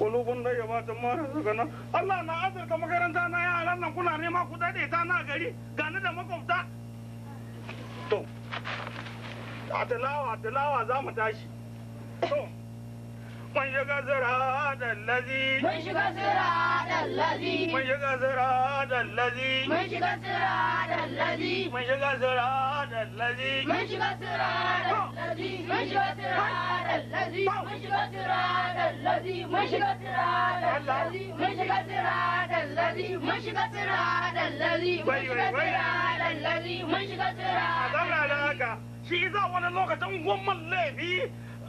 kolobon da ya bata mara daga nan Allah na azurka makaranta na yaran nan kuna nema ku da ta na gari gani da makwabta to a talawa a talawa za mu tashi to mun shiga siratal ladhi mun shiga siratal ladhi mun shiga siratal ladhi mun shiga siratal ladhi mun shiga siratal ladhi mun shiga siratal ladhi mun shiga siratal ladhi mun shiga siratal ladhi mun shiga siratal ladhi mun shiga siratal ladhi mun shiga siratal ladhi mun shiga siratal ladhi mun shiga siratal ladhi mun shiga siratal ladhi shi za wani lokacin gwamnan laifi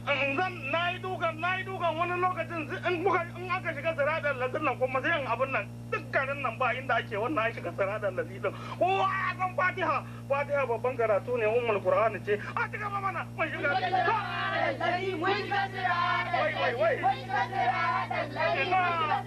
zan na yi dukan na yi dukan wani lokacin in kuka in aka shiga siradar lazin nan kuma sai yin abin nan dukkanin nan ba inda ake wannan ake shiga siradar lazin din kowa ya san fatiha fatiha babban karatu ne ummul qur'ani ce a ci gaba mana mun shiga siradar lazin mun shiga siradar lazin mun shiga siradar lazin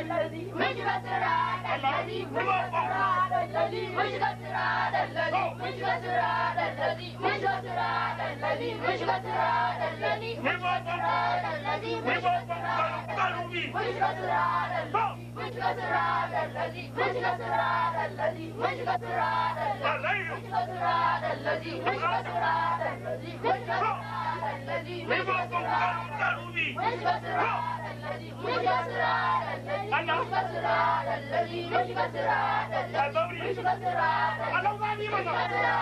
الذي وجب السراد الذي وجب السراد الذي وجب السراد الذي وجب السراد الذي وجب السراد الذي وجب السراد الذي وجب السراد الذي وجب السراد الذي وجب السراد الذي وجب السراد الذي وجب السراد الذي وجب السراد الذي وجب السراد الذي وجب السراد الذي وجب السراد نبعث القرار به أنا الدوري أنا وغني منا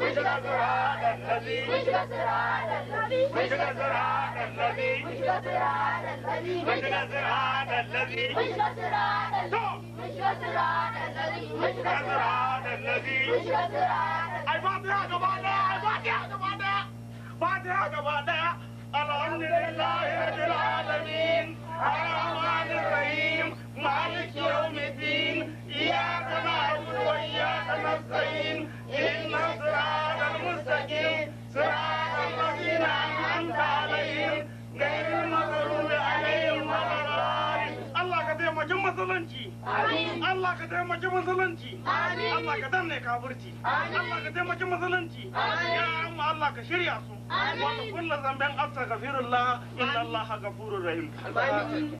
وجد سراد الذي وجد سراد الذي وجد سراد الذي وجد سراد الذي وجد سراد الذي وجد سراد الذي وجد سراد الذي وجد سراد الذي وجد سراد I'm gonna I'm I'm gonna lie, I'm gonna lie, taimaki musulunci Allah ka taimaki musulunci Allah ka danne kafirci Allah ka taimaki musulunci ya amma Allah ka shirya su wanda kullu zamben afta gafirullah inna Allah ghafurur rahim Amin.